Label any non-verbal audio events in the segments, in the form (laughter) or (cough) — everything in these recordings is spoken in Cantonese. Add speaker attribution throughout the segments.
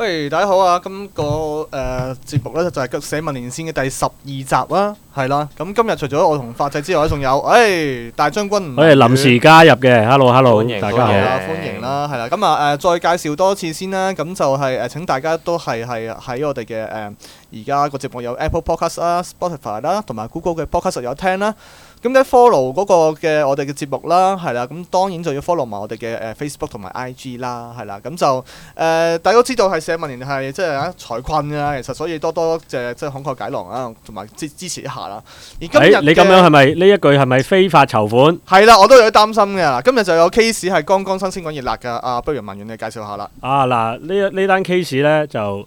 Speaker 1: 喂，hey，大家好啊！今個誒節、呃、目咧就係《社民連線》嘅第十二集、啊、啦，係啦。咁今日除咗我同發仔之外仲有誒、哎、大將軍我誒臨時
Speaker 2: 加入嘅，hello hello，歡迎大家，好，歡迎、啊、歡迎
Speaker 1: 啦，係啦。咁啊誒再介紹多次先啦、啊，咁就係、是、誒、呃、請大家都係係喺我哋嘅誒而家個節目有 Apple Podcast 啦、啊、Spotify 啦、啊，同埋 Google 嘅 Podcast 有聽啦、啊。咁咧 follow 嗰個嘅我哋嘅節目啦，係啦，咁當然就要 follow 埋我哋嘅誒 Facebook 同埋 I G 啦，係啦，咁就誒大家都知道係社民連係即係啊財困啊，其實所以多多即係慷慨解囊啊，同埋支支持一下啦。而今日、哎、你咁樣係咪
Speaker 2: 呢一句係咪非法籌款？係
Speaker 1: 啦，我都有啲擔心嘅。今日就有 case 係剛剛新鮮滾熱辣嘅，啊不如文遠你介紹下啦。
Speaker 2: 啊嗱，呢呢單 case 咧就。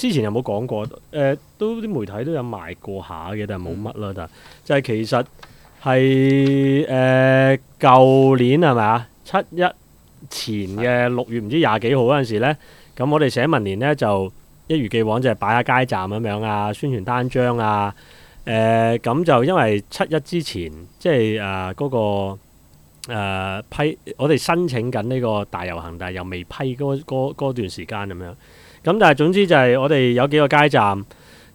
Speaker 2: 之前有冇講過？誒、呃，都啲媒體都有賣過下嘅，但係冇乜啦。但就係其實係誒舊年係咪啊？七一前嘅六月唔知廿幾號嗰陣時咧，咁的我哋社民連咧就一如既往就係擺下街站咁樣啊，宣傳單張啊。誒、呃、咁就因為七一之前，即係誒嗰個、呃、批，我哋申請緊呢個大遊行，但係又未批嗰、那個、段時間咁樣。咁但係總之就係我哋有幾個街站，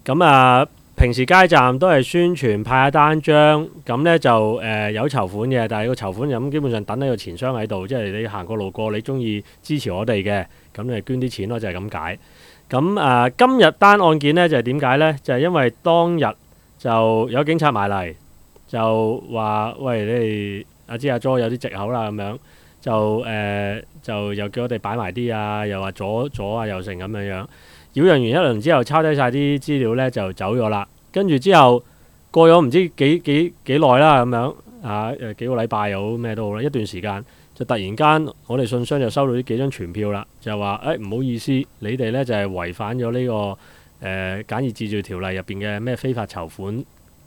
Speaker 2: 咁啊平時街站都係宣傳派下單張，咁呢就誒、呃、有籌款嘅，但係個籌款咁基本上等喺個錢箱喺度，即係你行過路過，你中意支持我哋嘅，咁你捐啲錢咯，就係、是、咁解。咁啊今日單案件呢，就係點解呢？就係、是、因為當日就有警察埋嚟，就話喂你哋阿支阿左有啲藉口啦咁樣。就誒、呃，就又叫我哋擺埋啲啊，又話左左啊右成咁樣樣，擾攘完一輪之後，抄低晒啲資料呢就走咗啦。跟住之後過咗唔知幾幾幾耐啦，咁樣啊誒幾個禮拜又咩都好啦，一段時間就突然間我哋信箱就收到呢幾張傳票啦，就話誒唔好意思，你哋呢就係、是、違反咗呢、這個誒、呃、簡易治罪條例入邊嘅咩非法籌款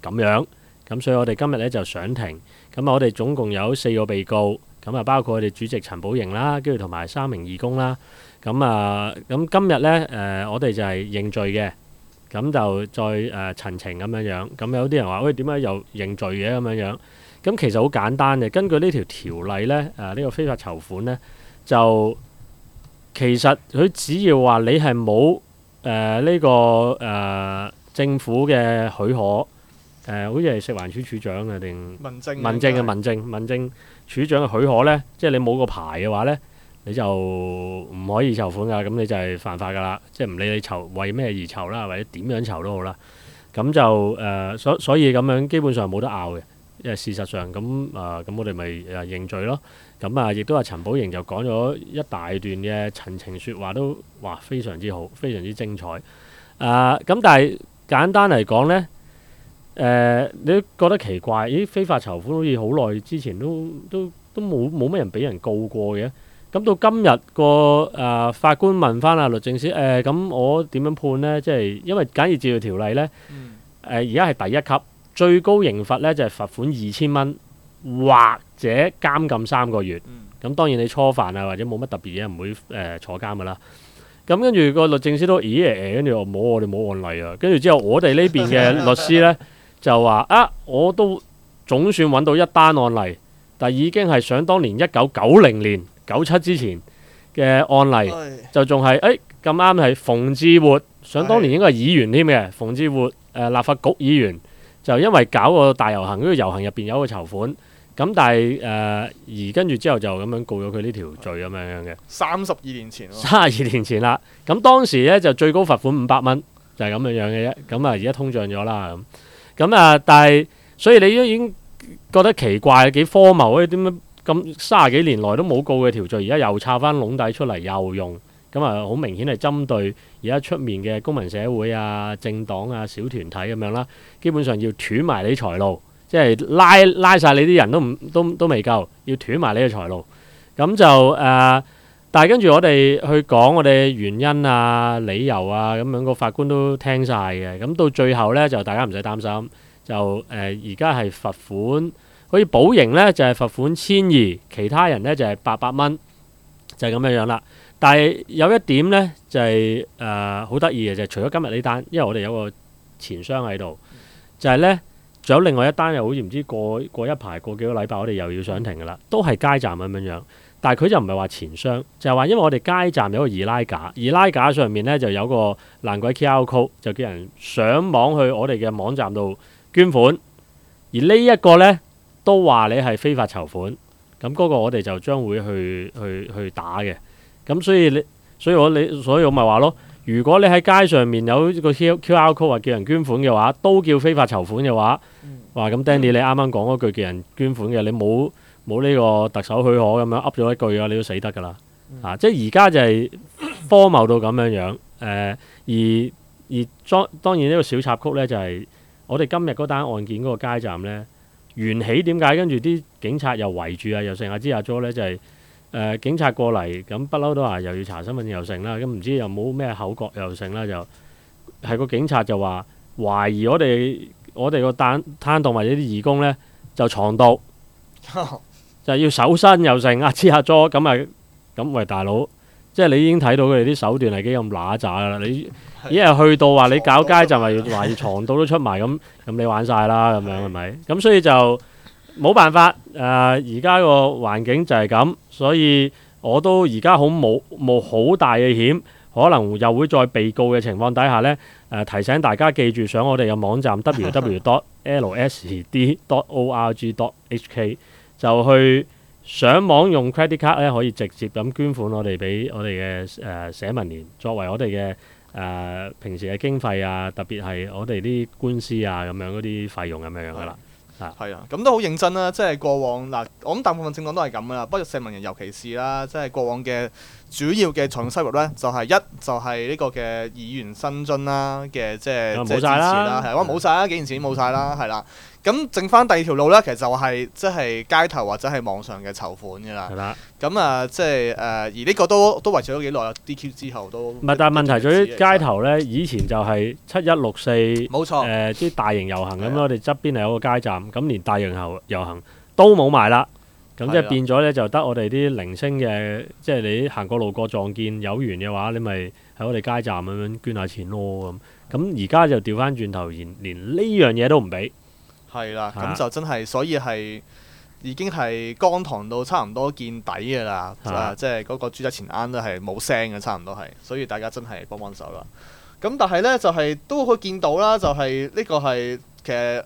Speaker 2: 咁樣咁樣，所以我哋今日呢就上庭咁啊，我哋總共有四個被告。咁啊，包括我哋主席陳寶瑩啦，跟住同埋三名義工啦。咁啊，咁今日咧，誒我哋就係認罪嘅。咁就再誒陳情咁樣樣。咁有啲人話：喂，點解又認罪嘅咁樣樣？咁其實好簡單嘅，根據呢條條例咧，誒、這、呢個非法籌款咧，就其實佢只要話你係冇誒呢個誒政府嘅許可，誒好似係食環處處長嘅定民政民政嘅民政民政民政處長嘅許可呢，即係你冇個牌嘅話呢，你就唔可以籌款㗎，咁你就係犯法㗎啦。即係唔理你籌為咩而籌啦，或者點樣籌都好啦。咁就誒、呃，所以所以咁樣基本上冇得拗嘅，因為事實上咁啊，咁、呃、我哋咪認罪咯。咁啊，亦都係陳寶瑩就講咗一大段嘅陳情説話都，都哇非常之好，非常之精彩。啊、呃，咁但係簡單嚟講呢。誒你都覺得奇怪？咦，非法籌款好似好耐之前都都都冇冇乜人俾人告過嘅。咁到今日個誒法官問翻阿律政司誒，咁我點樣判咧？即係因為簡易治罪條例咧，誒而家係第一級最高刑罰咧就係罰款二千蚊或者監禁三個月。咁當然你初犯啊或者冇乜特別嘢唔會誒坐監㗎啦。咁跟住個律政司都咦誒，跟住冇我哋冇案例啊。跟住之後我哋呢邊嘅律師咧。就話啊，我都總算揾到一單案例，但已經係想當年一九九零年九七之前嘅案例，唉就仲係誒咁啱係馮智活，唉想當年應該係議員添嘅馮智活誒、呃、立法局議員，就因為搞個大遊行，呢個遊行入邊有個籌款，咁但係誒、呃、而跟住之後就咁樣告咗佢呢條罪咁樣樣嘅，三
Speaker 1: 十二年前，
Speaker 2: 三十二年前啦，咁當時呢，就最高罰款五百蚊，就係、是、咁樣樣嘅啫，咁啊而家通脹咗啦。咁啊、嗯！但係所以你都已經覺得奇怪，幾荒謬啊！點解咁三十幾年來都冇告嘅條罪，而家又插翻籠底出嚟，又用咁啊！好、嗯嗯、明顯係針對而家出面嘅公民社會啊、政黨啊、小團體咁樣啦，基本上要斷埋你財路，即、就、係、是、拉拉曬你啲人都唔都都未夠，要斷埋你嘅財路，咁就誒。嗯嗯嗯嗯但係跟住我哋去講我哋原因啊、理由啊咁樣，個法官都聽晒嘅。咁到最後呢，就大家唔使擔心，就誒而家係罰款。可以保型呢，就係、是、罰款千二，其他人呢，就係八百蚊，就係、是、咁樣樣啦。但係有一點呢，就係誒好得意嘅就係、是，除咗今日呢單，因為我哋有個錢箱喺度，就係、是、呢。仲有另外一單，又好似唔知過過一排過幾個禮拜，我哋又要上庭㗎啦，都係街站咁樣樣。但係佢就唔係話錢箱，就係話因為我哋街站有個易拉架，易拉架上面呢就有個爛鬼 QR code，就叫人上網去我哋嘅網站度捐款。而呢一個呢，都話你係非法籌款，咁嗰個我哋就將會去去去打嘅。咁所以你，所以我你，所以我咪話咯，如果你喺街上面有個 QR code 啊，叫人捐款嘅話，都叫非法籌款嘅話，話咁 Denny 你啱啱講嗰句叫人捐款嘅，你冇。冇呢個特首許可，咁樣噏咗一句啊，你都死得㗎啦！啊，即係而家就係荒謬到咁樣樣誒、呃，而而當當然呢個小插曲咧，就係、是、我哋今日嗰單案件嗰個街站咧，緣起點解？跟住啲警察又圍住啊，又成日知啊咗咧，就係誒警察過嚟，咁不嬲都話又要查身份又成啦，咁、啊、唔知又冇咩口角又成啦，就係個警察就話懷疑我哋我哋個單攤檔或者啲義工咧就藏毒。 (laughs) 就要手身又成啊，黐下咗咁啊，咁、啊啊、喂大佬，即、就、係、是、你已經睇到佢哋啲手段係幾咁乸喳啦，你一係去到話你搞街就係懷疑床度都出埋，咁咁有你，你玩晒啦咁樣，係咪的？咁的所以就冇辦法誒，而家個環境就係咁，所以我都而家好冇冇好大嘅險，可能又會再被告嘅情況底下咧誒、啊、提醒大家記住上我哋嘅網站 www.lsd.org.hk d t o dot。就去上網用 credit card 咧，可以直接咁捐款我哋俾我哋嘅誒社民連，作為我哋嘅誒平時嘅經費啊，特別係我哋啲官司啊咁樣嗰啲費用咁樣樣噶啦，係的啊，咁都好認真啦、啊，即係過往嗱、呃，我諗
Speaker 1: 大部分政黨都係咁噶啦，不過社民連尤其是啦，即係過往嘅。主要嘅財政收入咧，就係、是、一就係、是、呢個嘅議員薪津、就是、啦，嘅即係冇晒錢啦，係啊、嗯，冇晒啦，幾年前冇晒啦，係啦。咁剩翻第二條路咧，其實就係即係街頭或者係網上嘅籌款㗎啦。係啦吧。咁啊，即係誒，而呢個都都維持咗幾耐啊？DQ 之
Speaker 2: 後都唔係，但係問題在於實街頭咧，以前就係七一六四，冇錯誒，啲、就是、大型遊行咁，對我哋側邊係有個街站，咁連大型遊遊行都冇埋啦。咁即係變咗咧，就得我哋啲零星嘅，即係你行過路過撞見有緣嘅話，你咪喺我哋街站咁樣捐下錢咯咁。咁而家就調翻轉頭，連連呢樣嘢都唔俾。
Speaker 1: 係啦，咁就真係，所以係已經係乾塘到差唔多見底嘅啦。即係嗰個豬仔錢罌都係冇聲嘅，差唔多係。所以大家真係幫幫手啦。咁但係呢，就係、是、都可以見到啦，就係、是、呢個係。其實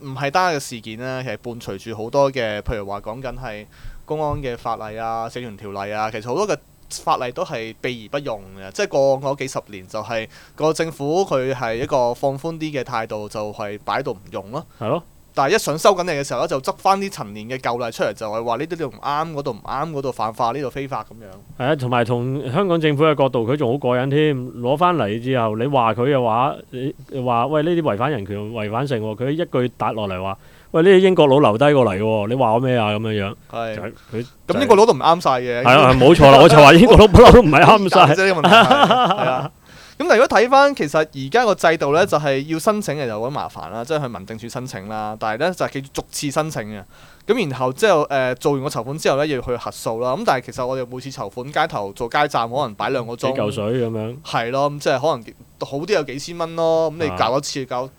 Speaker 1: 唔係、呃、單個事件啦，其實伴隨住好多嘅，譬如話講緊係公安嘅法例啊、社團條例啊，其實好多嘅法例都係避而不用嘅，即係過往嗰幾十年就係、是、個政府佢係一個放寬啲嘅態度就、啊，就係擺到唔用咯。係咯。但係一想收緊你嘅時候咧，就執翻啲陳年嘅舊例出嚟，就係話呢啲都唔啱，嗰度唔啱，嗰度犯法，呢度非法咁
Speaker 2: 樣。係啊，同埋從香港政府嘅角度，佢仲好過癮添，攞翻嚟之後，你話佢嘅話，你話喂呢啲違反人權、違反性喎，佢一句答落嚟話，喂呢啲英國佬留低過嚟喎，你話我咩啊咁樣樣。係是，佢咁、就是就是、英國佬都唔啱晒嘅。係啊，冇錯啦，我就話英國佬不嬲都唔係啱晒。係啊。 (laughs) (laughs)
Speaker 1: 咁如果睇翻，其實而家個制度呢，就係、是、要申請嘅就好麻煩啦，即、就、係、是、去民政處申請啦。但係呢，就係記住逐次申請嘅。咁然後之後誒、呃、做完個籌款之後呢，要去核數啦。咁但係其實我哋每次籌款，街頭做街站可能擺兩個鐘，幾嚿水咁樣。係咯，咁即係可能好啲有幾千蚊咯。咁、啊、你搞一次搞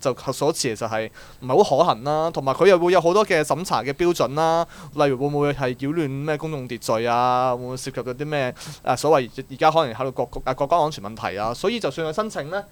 Speaker 1: 就核數一次就係唔係好可行啦。同埋佢又會有好多嘅審查嘅標準啦，例如會唔會係擾亂咩公共秩序啊？會唔會涉及到啲咩、啊、所謂而家可能喺度國家安全問題、啊啊！所以就算佢申請呢，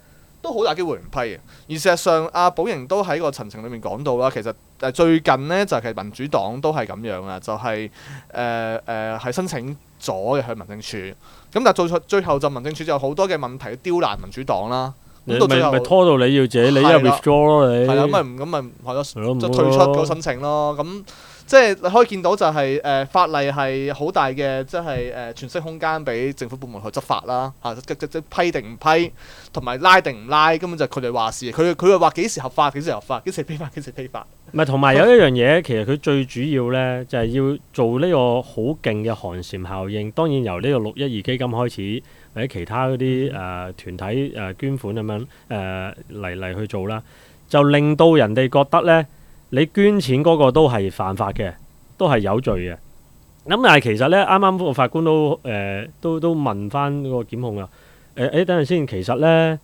Speaker 1: 都好大機會唔批嘅。而事實上，阿寶瑩都喺個陳情裏面講到啦。其實誒最近呢，就係民主黨都係咁樣啊，就係誒誒係申請咗嘅去民政處。咁但係最最後就民政處就有好多嘅問題刁難民主黨啦。
Speaker 2: 你到最後你咪咪後拖到你要自己，你又 w 咯你。係咪唔
Speaker 1: 咁咪唔咯，你退出個申請咯。咁。嗯即係你可以見到就係、是、誒、呃、法例係好大嘅，即係誒詮釋空間俾政府部門去執法啦嚇，即即即批定唔批，同埋拉定唔拉，根本就佢哋話事。佢佢話幾時合法幾時合法，幾時非法幾時非法。
Speaker 2: 唔係，同埋有一樣嘢，其實佢最主要咧就係、是、要做呢個好勁嘅寒蟬效應。當然由呢個六一二基金開始，或者其他嗰啲誒團體誒捐款咁樣誒嚟嚟去做啦，就令到人哋覺得咧。你捐錢嗰個都係犯法嘅，都係有罪嘅。咁、嗯、但係其實呢，啱啱個法官都誒、呃、都都問翻個檢控啊。誒、呃、等陣先。其實呢，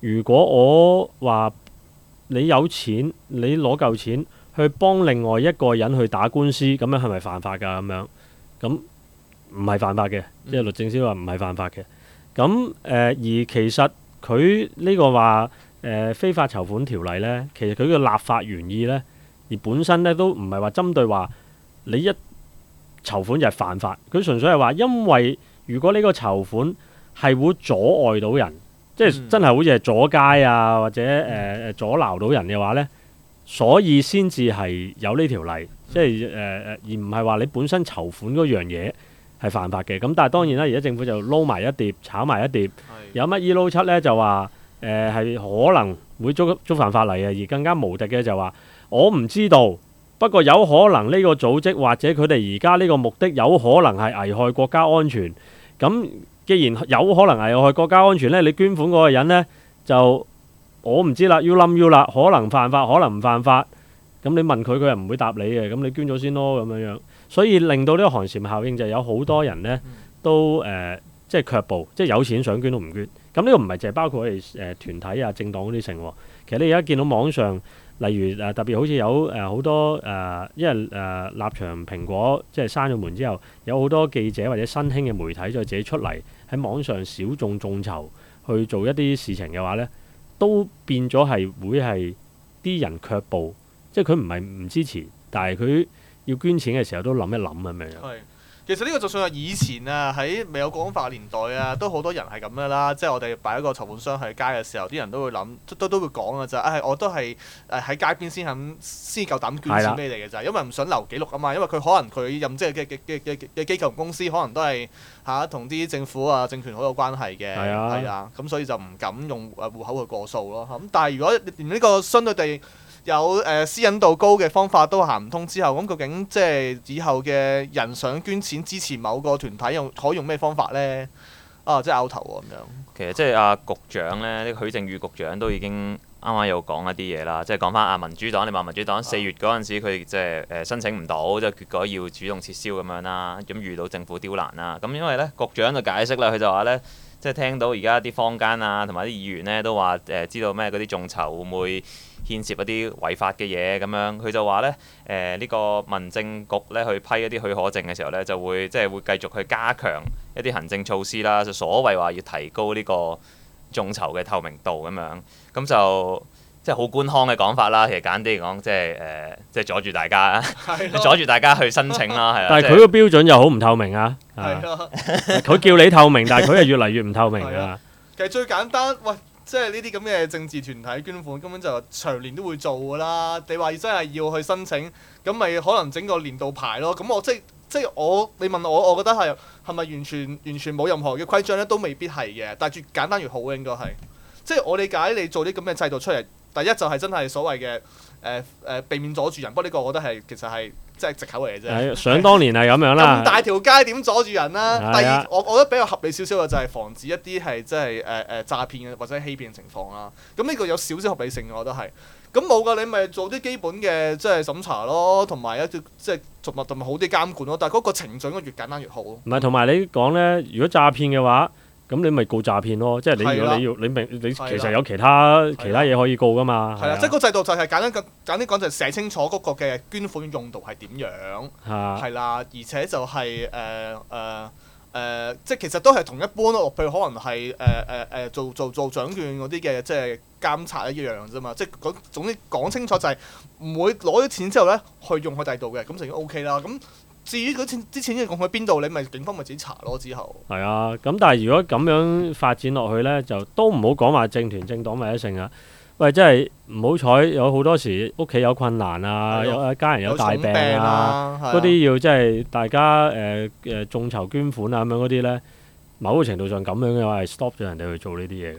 Speaker 2: 如果我話你有錢，你攞夠錢去幫另外一個人去打官司，咁樣係咪犯法㗎？咁樣咁唔係犯法嘅，嗯、即係律政司話唔係犯法嘅。咁誒、呃、而其實佢呢個話誒、呃、非法籌款條例呢，其實佢嘅立法原意呢。而本身咧都唔係話針對話，你一籌款就係犯法，佢純粹係話，因為如果呢個籌款係會阻礙到人，嗯、即係真係好似係阻街啊，或者誒誒、嗯、阻撓到人嘅話咧，所以先至係有呢條例，嗯、即係誒誒而唔係話你本身籌款嗰樣嘢係犯法嘅。咁但係當然啦，而家政府就撈埋一碟炒埋一碟，一碟的有乜嘢撈出咧就話誒係可能會觸觸犯法例啊，而更加無敵嘅就話、是。我唔知道，不過有可能呢個組織或者佢哋而家呢個目的有可能係危害國家安全。咁既然有可能危害國家安全咧，你捐款嗰個人呢，就我唔知啦，要冧要啦，可能犯法，可能唔犯法。咁你問佢，佢又唔會答你嘅。咁你捐咗先咯，咁樣樣。所以令到呢個寒蟬效應就有好多人呢，嗯、都誒即係卻步，即係有錢想捐都唔捐。咁呢個唔係淨係包括我哋誒團體啊、政黨嗰啲成，其實你而家見到網上。例如誒、呃、特別好似有誒好、呃、多誒，因為誒立場蘋果即係閂咗門之後，有好多記者或者新興嘅媒體再自己出嚟，喺網上小眾眾籌去做一啲事情嘅話呢，都變咗係會係啲人卻步，即係佢唔係唔支持，但係佢要捐錢嘅時候都諗一諗咁樣。
Speaker 1: 其實呢個就算係以前啊，喺未有國安法年代啊，都好多人係咁噶啦。即係我哋擺一個籌款箱喺街嘅時候，啲人都會諗，都都都會講噶咋。係、啊、我都係喺街邊先肯先夠膽捐錢俾你嘅就咋，因為唔想留記錄啊嘛。因為佢可能佢任職嘅嘅嘅嘅嘅機構同公司可能都係嚇同啲政府啊政權好有關係嘅，係是啊，啊，咁所以就唔敢用誒戶口去過數咯。咁但係如果連呢個相對地，有誒私隱度高嘅方法都行唔通之後，咁究竟即係以後嘅人想捐錢支持某個團體用可用咩方法呢？啊，即係拗頭
Speaker 3: 喎咁樣。其實即係阿局長呢，啲許正宇局長都已經啱啱有講一啲嘢啦，即係講翻阿民主黨，你話民主黨四月嗰陣時佢即係申請唔到，即係結果要主動撤銷咁樣啦，咁遇到政府刁難啦，咁因為呢，局長就解釋啦，佢就話呢。即係聽到而家啲坊間啊，同埋啲議員咧都話誒、呃，知道咩嗰啲眾籌會唔會牽涉一啲違法嘅嘢咁樣，佢就話咧誒，呢、呃呢個民政局咧去批一啲許可證嘅時候咧，就會即係會繼續去加強一啲行政措施啦，就所謂話要提高呢個眾籌嘅透明度咁樣，咁就。即係好官腔嘅講法啦，其實簡單啲嚟講，即係誒、呃，即係阻住大家，的 (laughs) 阻住大家去申請啦，係。但係佢個
Speaker 2: 標準又好唔透明的啊！係佢叫你透明， (laughs) 但係佢係越嚟越唔透明啊！其
Speaker 1: 實最簡單，喂，即係呢啲咁嘅政治團體捐款根本就長年都會做㗎啦。你話真係要去申請，咁咪可能整個年度牌咯。咁我即係即係我，你問我，我覺得係係咪完全完全冇任何嘅規章咧，都未必係嘅。但係越簡單越好，應該係。即係我理解你做啲咁嘅制度出嚟。第一就係真係所謂嘅誒誒避免阻住人，不過呢個我覺得係其實係即係藉口嚟嘅啫。想
Speaker 2: 當年係咁樣啦，大
Speaker 1: 條街點阻住人啦、啊？的第二，我我覺得比較合理少少嘅就係防止一啲係即係誒誒詐騙或者欺騙嘅情況啦、啊。咁呢個有少少合理性，我覺得係咁冇噶，你咪做啲基本嘅即係審查咯，同埋一啲即係同物同埋好啲監管咯。但係嗰個程序應該越簡單越好。
Speaker 2: 唔係，同埋你講咧，如果詐騙嘅話。咁你咪告詐騙咯，即係你如果你要你明的你其實有其他的其他嘢可以告噶嘛？係啊的，即係嗰
Speaker 1: 制度就係簡單講簡單講就係寫清楚嗰個嘅捐款用途係點樣，係啦，而且就係誒誒誒，即係其實都係同一般咯，譬如可能係誒誒誒做做做獎券嗰啲嘅即係監察一樣啫嘛，即係嗰總之講清楚就係、是、唔會攞咗錢之後咧去用喺第度嘅，咁就已經 OK 啦咁。至於嗰錢之前呢個講喺邊度，你咪警方咪自己查咯。之後
Speaker 2: 係啊，咁但係如果咁樣發展落去咧，就都唔好講話政團政黨為一勝啊。喂，真係唔好彩有好多時屋企有困難啊，有一的家人有大病啊，嗰啲、啊、的要即係大家誒誒、呃、眾籌捐款啊咁樣嗰啲咧，某個程度上咁樣又係 stop 咗人哋去做呢啲嘢㗎。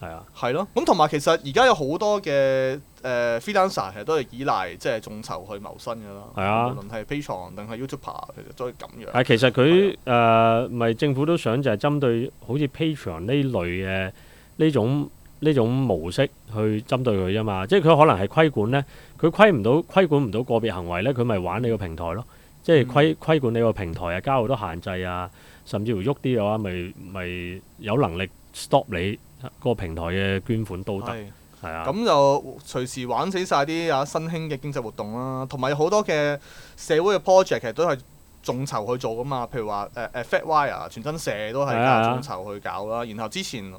Speaker 2: 係啊，
Speaker 1: 係咯、啊。咁同埋其實而家有好多嘅誒、uh, freelancer 其實都係依賴即係、就是、眾籌去謀生噶啦。係啊，無論係 Patreon 定係 Youtuber，其實都係咁樣。係其
Speaker 2: 實佢誒咪政府都想就係針對好似 Patreon 呢類嘅呢種呢種模式去針對佢啫嘛。即係佢可能係規管咧，佢規唔到規管唔到個別行為咧，佢咪玩你個平台咯。即係規、嗯、規管你個平台啊，加好多限制啊，甚至乎喐啲嘅話，咪咪有能力 stop 你。個平台嘅捐款都得，係是啊，
Speaker 1: 咁就隨時玩死晒啲啊新興嘅經濟活動啦、啊，同埋好多嘅社會嘅 project 其實都係眾籌去做㗎嘛，譬如話誒誒 FatWire 全真社都係靠、啊、眾籌去搞啦，啊、然後之前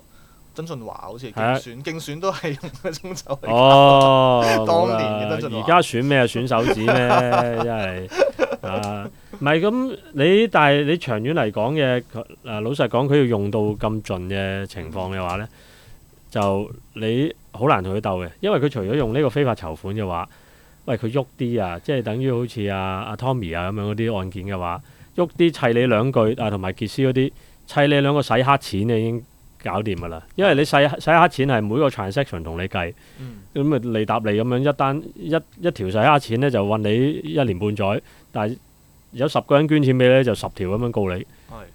Speaker 1: 曾俊華好似競選、啊、競選都係用眾籌去搞，
Speaker 2: 哦，當年嘅曾俊華，而家選咩選手指咩，真係。啊，唔係咁你，但係你長遠嚟講嘅，嗱老實講，佢要用到咁盡嘅情況嘅話咧，就你好難同佢鬥嘅，因為佢除咗用呢個非法籌款嘅話，喂佢喐啲啊，即係等於好似啊阿 Tommy 啊咁樣嗰啲案件嘅話，喐啲砌你兩句啊，同埋傑斯嗰啲砌你兩個洗黑錢嘅已經，搞掂噶啦，因為你洗洗黑錢係每個 transaction 同你計，咁啊利搭利咁樣一單一一條洗黑錢咧就運你一年半載，但係有十個人捐錢俾咧就十條咁樣告你，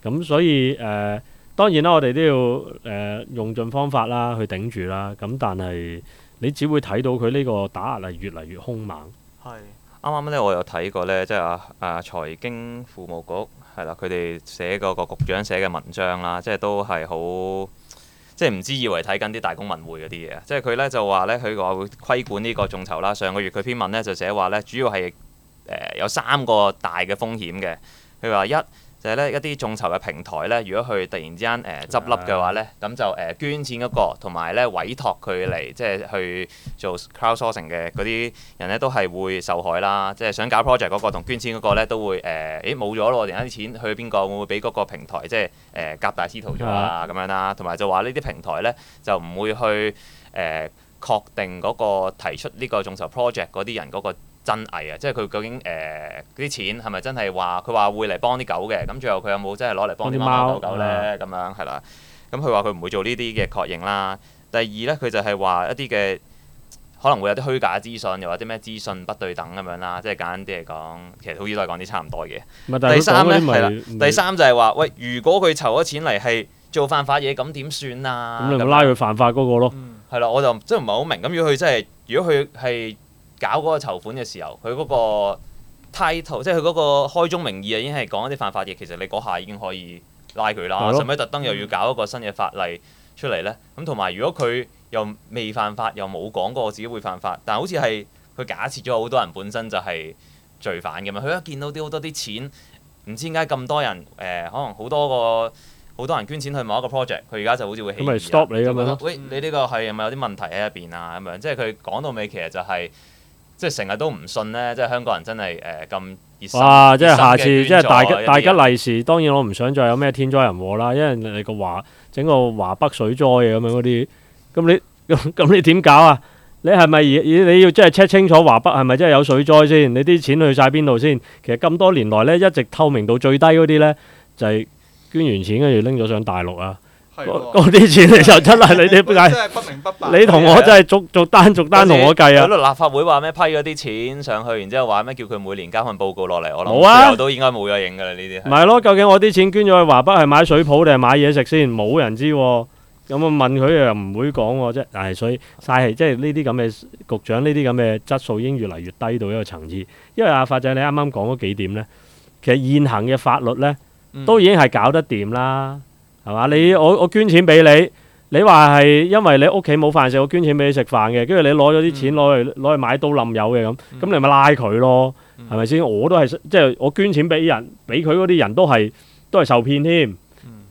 Speaker 2: 咁是所以誒、呃、當然啦，我哋都要誒、呃、用盡方法啦去頂住啦，咁但係你只會睇到佢呢個打壓係越嚟越兇猛是。
Speaker 3: 係啱啱咧，我有睇過咧，即係啊啊財經服務局。係啦，佢哋寫嗰個局長寫嘅文章啦，即係都係好即係唔知以為睇緊啲大公文匯嗰啲嘢。即係佢咧就話咧，佢話會規管呢個眾籌啦。上個月佢篇文咧就寫話咧，主要係誒、呃、有三個大嘅風險嘅。佢話一。就係咧一啲眾籌嘅平台咧，如果佢突然之間誒執笠嘅話咧，咁就誒、呃、捐錢嗰、嗰個同埋咧委託佢嚟即係去做 crowd sourcing 嘅嗰啲人咧，都係會受害啦。即係想搞 project 嗰個同捐錢嗰個咧，都會誒誒冇咗咯。我哋啲錢去邊個？會唔會俾嗰個平台即係誒夾大師徒咗啊？咁樣啦，啊，同埋就話呢啲平台咧就唔會去誒、呃、確定嗰、嗰個提出呢個眾籌 project 嗰啲人嗰、嗰個。真偽啊！即係佢究竟誒啲錢係咪真係話佢話會嚟幫啲狗嘅？咁最後佢有冇真係攞嚟幫啲貓狗狗咧？咁樣係啦。咁佢話佢唔會做呢啲嘅確認啦。第二咧，佢就係話一啲嘅可能會有啲虛假資訊，又或者咩資訊不對等咁樣啦。即係簡單啲嚟講，其實好似都係講啲差唔多嘅。第三咧係啦，第三就係話喂，如果佢籌咗錢嚟係做犯法嘢，咁點算啊？咁就
Speaker 2: 拉佢犯法嗰個咯。
Speaker 3: 係啦，我就真係唔係好明。咁如果佢真係，如果佢係。搞嗰個籌款嘅時候，佢嗰個 title，即係佢嗰個開宗明義啊，已經係講一啲犯法嘢。其實你嗰下已經可以拉佢啦，使唔使特登又要搞一個新嘅法例出嚟咧？咁同埋如果佢又未犯法，又冇講過自己會犯法，但係好似係佢假設咗好多人本身就係罪犯㗎嘛。佢一見到啲好多啲錢，唔知點解咁多人誒、呃，可能好多個好多人捐錢去某一個 project，佢而家就
Speaker 2: 好似會起疑你咁樣。
Speaker 3: 喂，你呢個係咪有啲問題喺入邊啊？咁樣即係佢講到尾，其實就係、是。即係成日都唔信咧，即係香港人真係誒咁熱心。即係下次即係大吉大吉利
Speaker 2: 是，當然我唔想再有咩天災人禍啦。因為你個華整個華北水災啊咁樣嗰啲，咁你咁你點搞啊？你係咪你要即係 check 清楚華北係咪真係有水災先？你啲錢去晒邊度先？其實咁多年來咧，一直透明度最低嗰啲咧，就係捐完錢跟住拎咗上大陸啊。我啲錢你就出嚟，你啲點解？真係不明不白。你同我真係逐逐單逐單同我計啊！有律立
Speaker 3: 法會話咩批嗰啲錢上去，然之後話咩叫佢每年交份報告落嚟，我諗以後都應該冇咗影噶啦。呢啲係咪
Speaker 2: 咯？究竟我啲錢捐咗去華北係買水泡定係買嘢食先？冇人知，咁啊問佢又唔會講喎啫。唉，所以曬氣，即係呢啲咁嘅局長，呢啲咁嘅質素已經越嚟越低到一個層次。因為阿發仔你啱啱講嗰幾點咧，其實現行嘅法律咧，都已經係搞得掂啦。係嘛？你，我我捐錢俾你，你話係因為你屋企冇飯食，我捐錢俾你食飯嘅，跟住你攞咗啲錢攞去攞嚟買刀冧友嘅咁，咁你咪拉佢咯，係咪先？我都係即係我捐錢俾人，俾佢嗰啲人都係都係受騙添。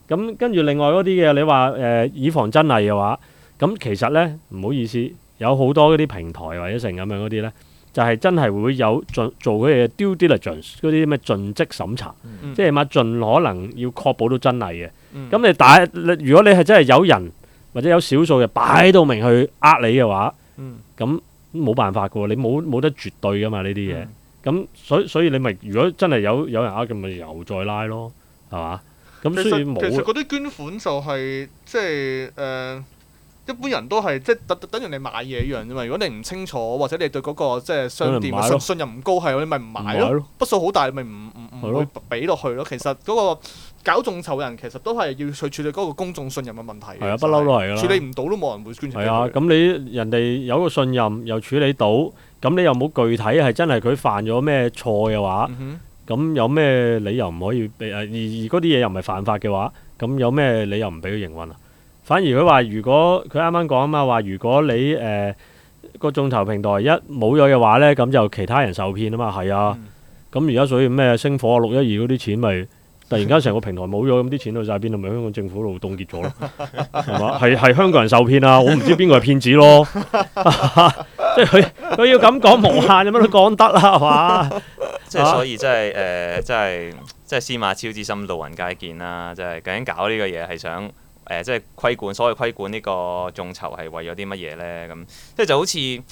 Speaker 2: 咁跟住另外嗰啲嘅，你話誒、呃、以防真偽嘅話，咁其實呢，唔好意思，有好多嗰啲平台或者成咁樣嗰啲呢，就係、是、真係會有做做嗰啲 due diligence 嗰啲咩盡職審查，嗯嗯、即係嘛盡可能要確保到真偽嘅。咁你打，嗯、如果你係真係有人或者有少數人擺到明去呃你嘅話，咁冇、嗯、辦法嘅喎，你冇冇得絕對嘅嘛呢啲嘢。咁、嗯、所以所以你咪如果真係有有人呃咁咪又再拉咯，係嘛？咁所以冇。其實嗰
Speaker 1: 啲捐款就係、是、即係誒。呃一般人都係即係等等人嚟買嘢一樣啫嘛。如果你唔清楚或者你對嗰個即係商店啊信信任唔高，係你咪唔買咯。筆數好大咪唔唔唔會俾落去咯。其實嗰個搞眾籌嘅人其實都係要去處理嗰個公眾信任嘅問題。
Speaker 2: 係啊，不嬲都係嘅咯。處理唔
Speaker 1: 到都冇人會捐
Speaker 2: 錢。係啊，咁你人哋有個信任又處理到，咁你又冇具體係真係佢犯咗咩錯嘅話，咁有咩理由唔可以俾？而而嗰啲嘢又唔係犯法嘅話，咁有咩理由唔俾佢營運啊？反而佢話：如果佢啱啱講啊嘛，話如果你誒個眾籌平台一冇咗嘅話咧，咁就其他人受騙啊嘛，係啊。咁而家所以咩星火六一二嗰啲錢，咪突然間成個平台冇咗，咁啲錢去晒邊度？咪香港政府度凍結咗咯，係嘛？係係香港人受騙啊！我唔知邊個係騙子咯。即係佢佢要咁講無限，咁樣都講得啦？係嘛？即係所以
Speaker 3: 即係誒，即係即係司馬超之心路人皆見啦！即係究竟搞呢個嘢係想？誒、呃、即係規管，所謂規管呢個眾籌係為咗啲乜嘢咧？咁、嗯、即係就好似，即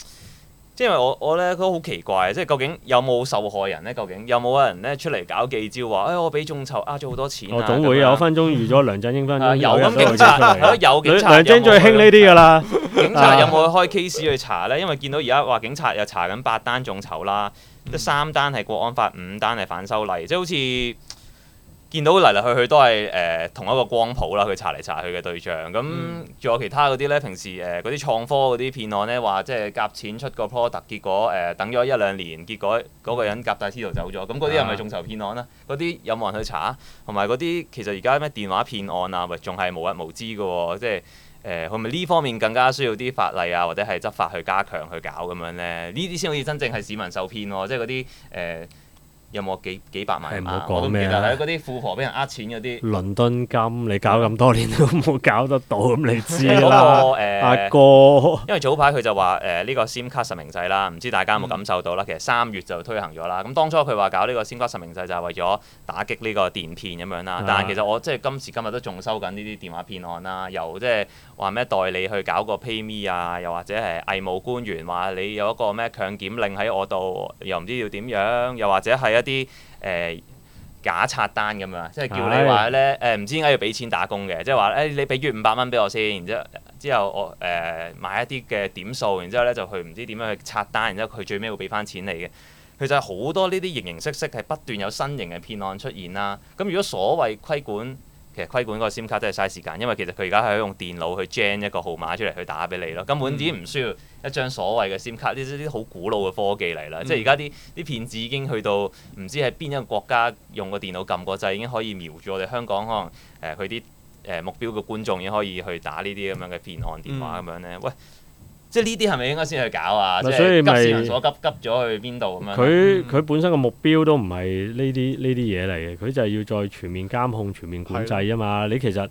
Speaker 3: 係因為我我咧都好奇怪，即係究竟有冇受害人咧？究竟有冇人咧出嚟搞記招話？誒、哎、我俾眾籌呃咗好多錢啊、哦！總會有
Speaker 2: 分鐘預咗梁振英分、嗯啊、有咁、啊、警察、啊，有警察，啊、警察有有梁振英最興呢啲噶啦。 (laughs) 警察有
Speaker 3: 冇去開 case 去查咧？因為見到而家話警察又查緊八單眾籌啦，得、嗯嗯、三單係國安法，五單係反修例，即係好似。見到嚟嚟去去都係誒、呃、同一個光譜啦，佢查嚟查去嘅對象。咁仲有其他嗰啲呢？平時誒嗰啲創科嗰啲騙案呢，話即係夾錢出個 product 結果誒、呃、等咗一兩年，結果嗰個人夾帶私逃走咗。咁嗰啲係咪眾籌騙案呢？嗰啲有冇人去查？同埋嗰啲其實而家咩電話騙案啊，咪仲係無日無之嘅喎、哦？即係誒，係咪呢方面更加需要啲法例啊，或者係執法去加強去搞咁樣呢，呢啲先可以真正係市民受騙咯、哦，即係嗰啲誒。呃呃有冇幾幾百萬,萬,萬啊？唔好講咩啊！原來嗰啲富婆俾人呃錢嗰啲。
Speaker 2: 倫敦金你搞咁多年都冇搞得到，咁你知啦，阿、 (laughs) 嗰個呃、哥。
Speaker 3: 因為早排佢就話誒呢個 SIM 卡實名制啦，唔知大家有冇感受到啦？嗯、其實三月就推行咗啦。咁當初佢話搞呢個 SIM 卡實名制就係為咗打擊呢個電騙咁樣啦。但係其實我即係今時今日都仲收緊呢啲電話騙案啦，又即係話咩代理去搞個 PayMe 啊，又或者係偽冒官員話你有一個咩強檢令喺我度，又唔知要點樣，又或者係一啲誒、呃、假刷單咁樣，即係叫你話咧誒，唔、呃、知點解要俾錢打工嘅，即係話誒，你俾約五百蚊俾我先，然之後之後我誒、呃、買一啲嘅點數，然之後咧就去唔知點樣去刷單，然之後佢最尾會俾翻錢你嘅。佢就係好多呢啲形形色色係不斷有新型嘅騙案出現啦。咁如果所謂規管，其實規管個 SIM 卡都係嘥時間，因為其實佢而家係用電腦去 gen 一個號碼出嚟去打俾你咯，根本已經唔需要一張所謂嘅 SIM 卡，呢啲好古老嘅科技嚟啦。嗯、即係而家啲啲騙子已經去到唔知喺邊一個國家用個電腦撳個掣，已經可以瞄住我哋香港可能佢啲、呃呃、目標嘅觀眾，已經可以去打呢啲咁樣嘅騙案電話咁、嗯、樣呢。喂！即係呢啲係咪應該先去搞啊？所以咪，所急，所就是、急咗去邊度咁樣？佢
Speaker 2: 佢他、嗯、本身個目標都唔係呢啲呢啲嘢嚟嘅，佢就係要再全面監控、全面管制啫嘛。是的 你其實誒、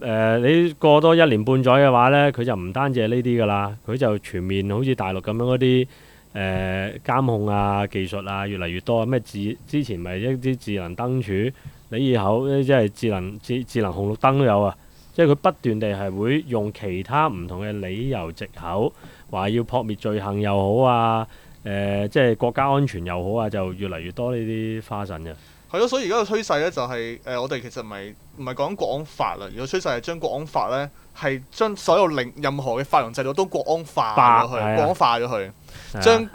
Speaker 2: 呃、你過多一年半載嘅話咧，佢就唔單止係呢啲㗎啦，佢就全面好似大陸咁樣嗰啲誒監控啊技術啊越嚟越多，咩智之前咪一啲智能燈柱、你以後即係智能智智能紅綠燈都有啊。即係佢不斷地係會用其他唔同嘅理由藉口，話要撲滅罪行又好啊，誒、呃，即係國家安全又好啊，就越嚟越多呢啲花臣。
Speaker 1: 嘅。係咯，所以而家個趨勢咧就係、是、誒、呃，我哋其實咪唔係講國安法啦，而個趨勢係將國安法咧係將所有令任何嘅法律制度都國安化咗去，國安化咗去，將講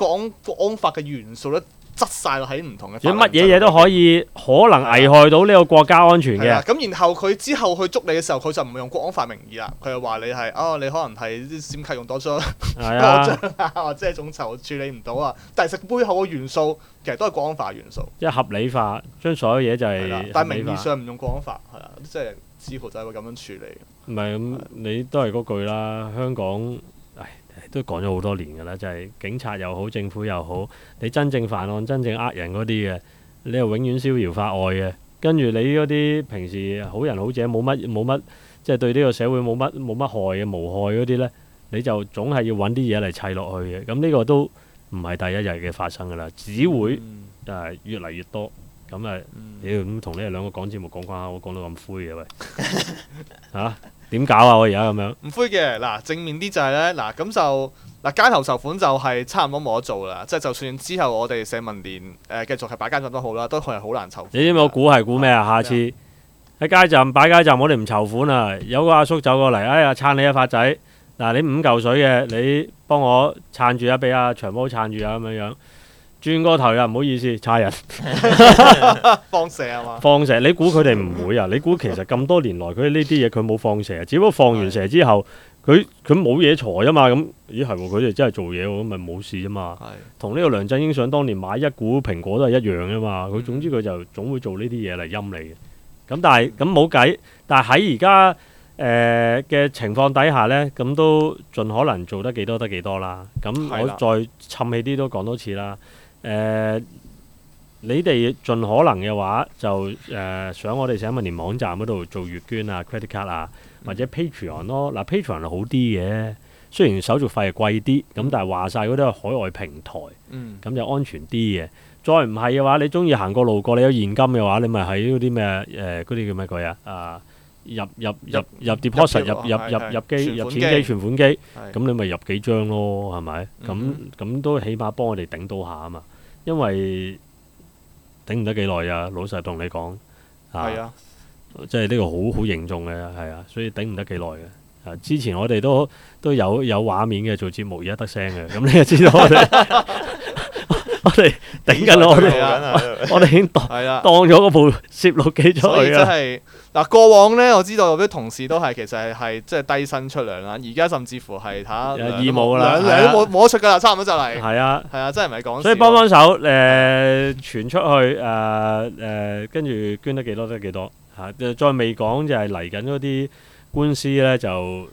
Speaker 1: 國,國安法嘅元素咧。執晒咯，喺唔同嘅。如果乜嘢嘢
Speaker 2: 都可以可能危害到呢個國家安全嘅，咁
Speaker 1: 然後佢之後去捉你嘅時候，佢就唔會用國安法名義啦，佢話你係啊、哦，你可能係閃購用多張多張啊，或者一種就總處理唔到啊。但係實背後嘅元素其實都係國安法元素，
Speaker 2: 即係合理化將所有嘢就係，但係名義上
Speaker 1: 唔用國安法，係啦，即係似乎就係、是、會咁樣處理。
Speaker 2: 唔係咁，你都係嗰句啦，香港。都講咗好多年㗎啦，就係、是、警察又好，政府又好，你真正犯案、真正呃人嗰啲嘅，你又永遠逍遙法外嘅。跟住你嗰啲平時好人好者冇乜冇乜，即係對呢個社會冇乜冇乜害嘅無害嗰啲呢，你就總係要揾啲嘢嚟砌落去嘅。咁呢個都唔係第一日嘅發生㗎啦，只會啊越嚟越多。咁啊，你要咁同你哋兩個講節目講翻下，我講到咁灰嘅喂嚇。點搞啊我！我而家咁樣唔
Speaker 1: 灰嘅，嗱正面啲就係、是、呢。嗱咁就嗱街頭籌款就係差唔多冇得做啦，即係就算之後我哋社民連誒、呃、繼續係擺街站都好啦，都係好難籌
Speaker 2: 款。你知唔知我估係估咩啊？啊下次喺麼街站擺街站，我哋唔籌款啊！有個阿叔走過嚟，哎呀撐你一、啊、發仔，嗱你五嚿水嘅，你幫我撐住啊，俾阿、啊、長毛撐住啊，咁樣樣。轉個頭啊！唔好意思，差人放蛇啊嘛？ (laughs) (laughs) 放蛇？ (laughs) 放蛇你估佢哋唔會啊？ (laughs) 你估其實咁多年來佢呢啲嘢佢冇放蛇啊？只不過放完蛇之後，佢佢冇嘢財啊嘛？咁咦係喎？佢哋真係做嘢喎，咁咪冇事啫嘛？同呢的個梁振英想當年買一股蘋果都係一樣啫嘛。佢的總之佢就總會做呢啲嘢嚟陰你嘅。咁但係咁冇計。但係喺而家誒嘅情況底下呢，咁都盡可能做得幾多得幾多啦。咁我再沉氣啲都講多次啦。誒、呃，你哋盡可能嘅話，就誒上、呃、我哋上社民連網站嗰度做月捐啊、credit card 啊，或者 patreon 咯。嗱、呃、patreon、啊、好啲嘅，雖然手續費係貴啲，咁但係話晒嗰啲係海外平台，嗯，咁就安全啲嘅。再唔係嘅話，你中意行過路過，你有現金嘅話，你咪喺嗰啲咩誒嗰啲叫乜鬼啊？啊，入入入入，入 deposit 入入入入，入機入錢機存款機，咁的是你咪入幾張咯，係咪？咁咁都起碼幫我哋頂到下啊嘛～因為頂唔得幾耐啊！老實同你講，係啊，即係呢個好好凝重嘅，係啊，所以頂唔得幾耐嘅。啊，之前我哋都都有有畫面嘅做節目，而家得聲嘅，咁 (laughs) 你又知道我哋。 (laughs) (laughs) (laughs) 我哋頂緊我哋，應該 (laughs) 我哋已經當啦，的當咗嗰部攝錄機咗去啊！即係
Speaker 1: 嗱，過往咧，我知道有啲同事都係其實係即係低薪出糧啦。而家甚至乎係嚇、啊、義務啦，兩，個的兩都冇冇得出噶啦，的差唔多就嚟。係啊的，係啊的，真係唔係講。所以幫幫
Speaker 2: 手誒、呃，傳出去誒誒，跟、呃、住、呃、捐得幾多得幾多嚇、啊。再未講就係嚟緊嗰啲官司咧，就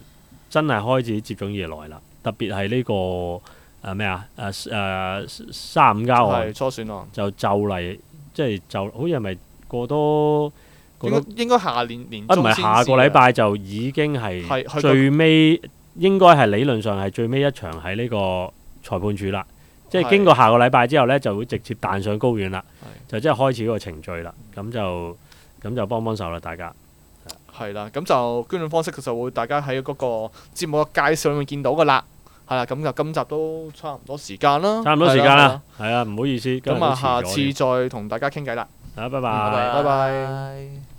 Speaker 2: 真係開始接踵而來啦。特別係呢、呢個。啊咩啊？誒、啊、誒三五交外初選咯、啊，就是、就嚟即係就好似係咪過多？過多應該應該下
Speaker 1: 年年唔係、啊、下個禮
Speaker 2: 拜就已經係最尾後應該係理論上係最尾一場喺呢個裁判處啦。是即係經過下個禮拜之後咧，就會直接彈上高院啦。是就即係開始嗰個程序啦。咁就咁就幫幫手啦，大家
Speaker 1: 係啦。咁就捐款方式其實會大家喺嗰個節目嘅介紹裏面見到噶啦。係啦，咁就今集都差唔多時間啦，差唔多時間啦，
Speaker 2: 係啊，唔好意思，咁啊下次
Speaker 1: 再同大家傾偈啦，啊，拜拜，拜拜。拜拜，
Speaker 3: 拜拜。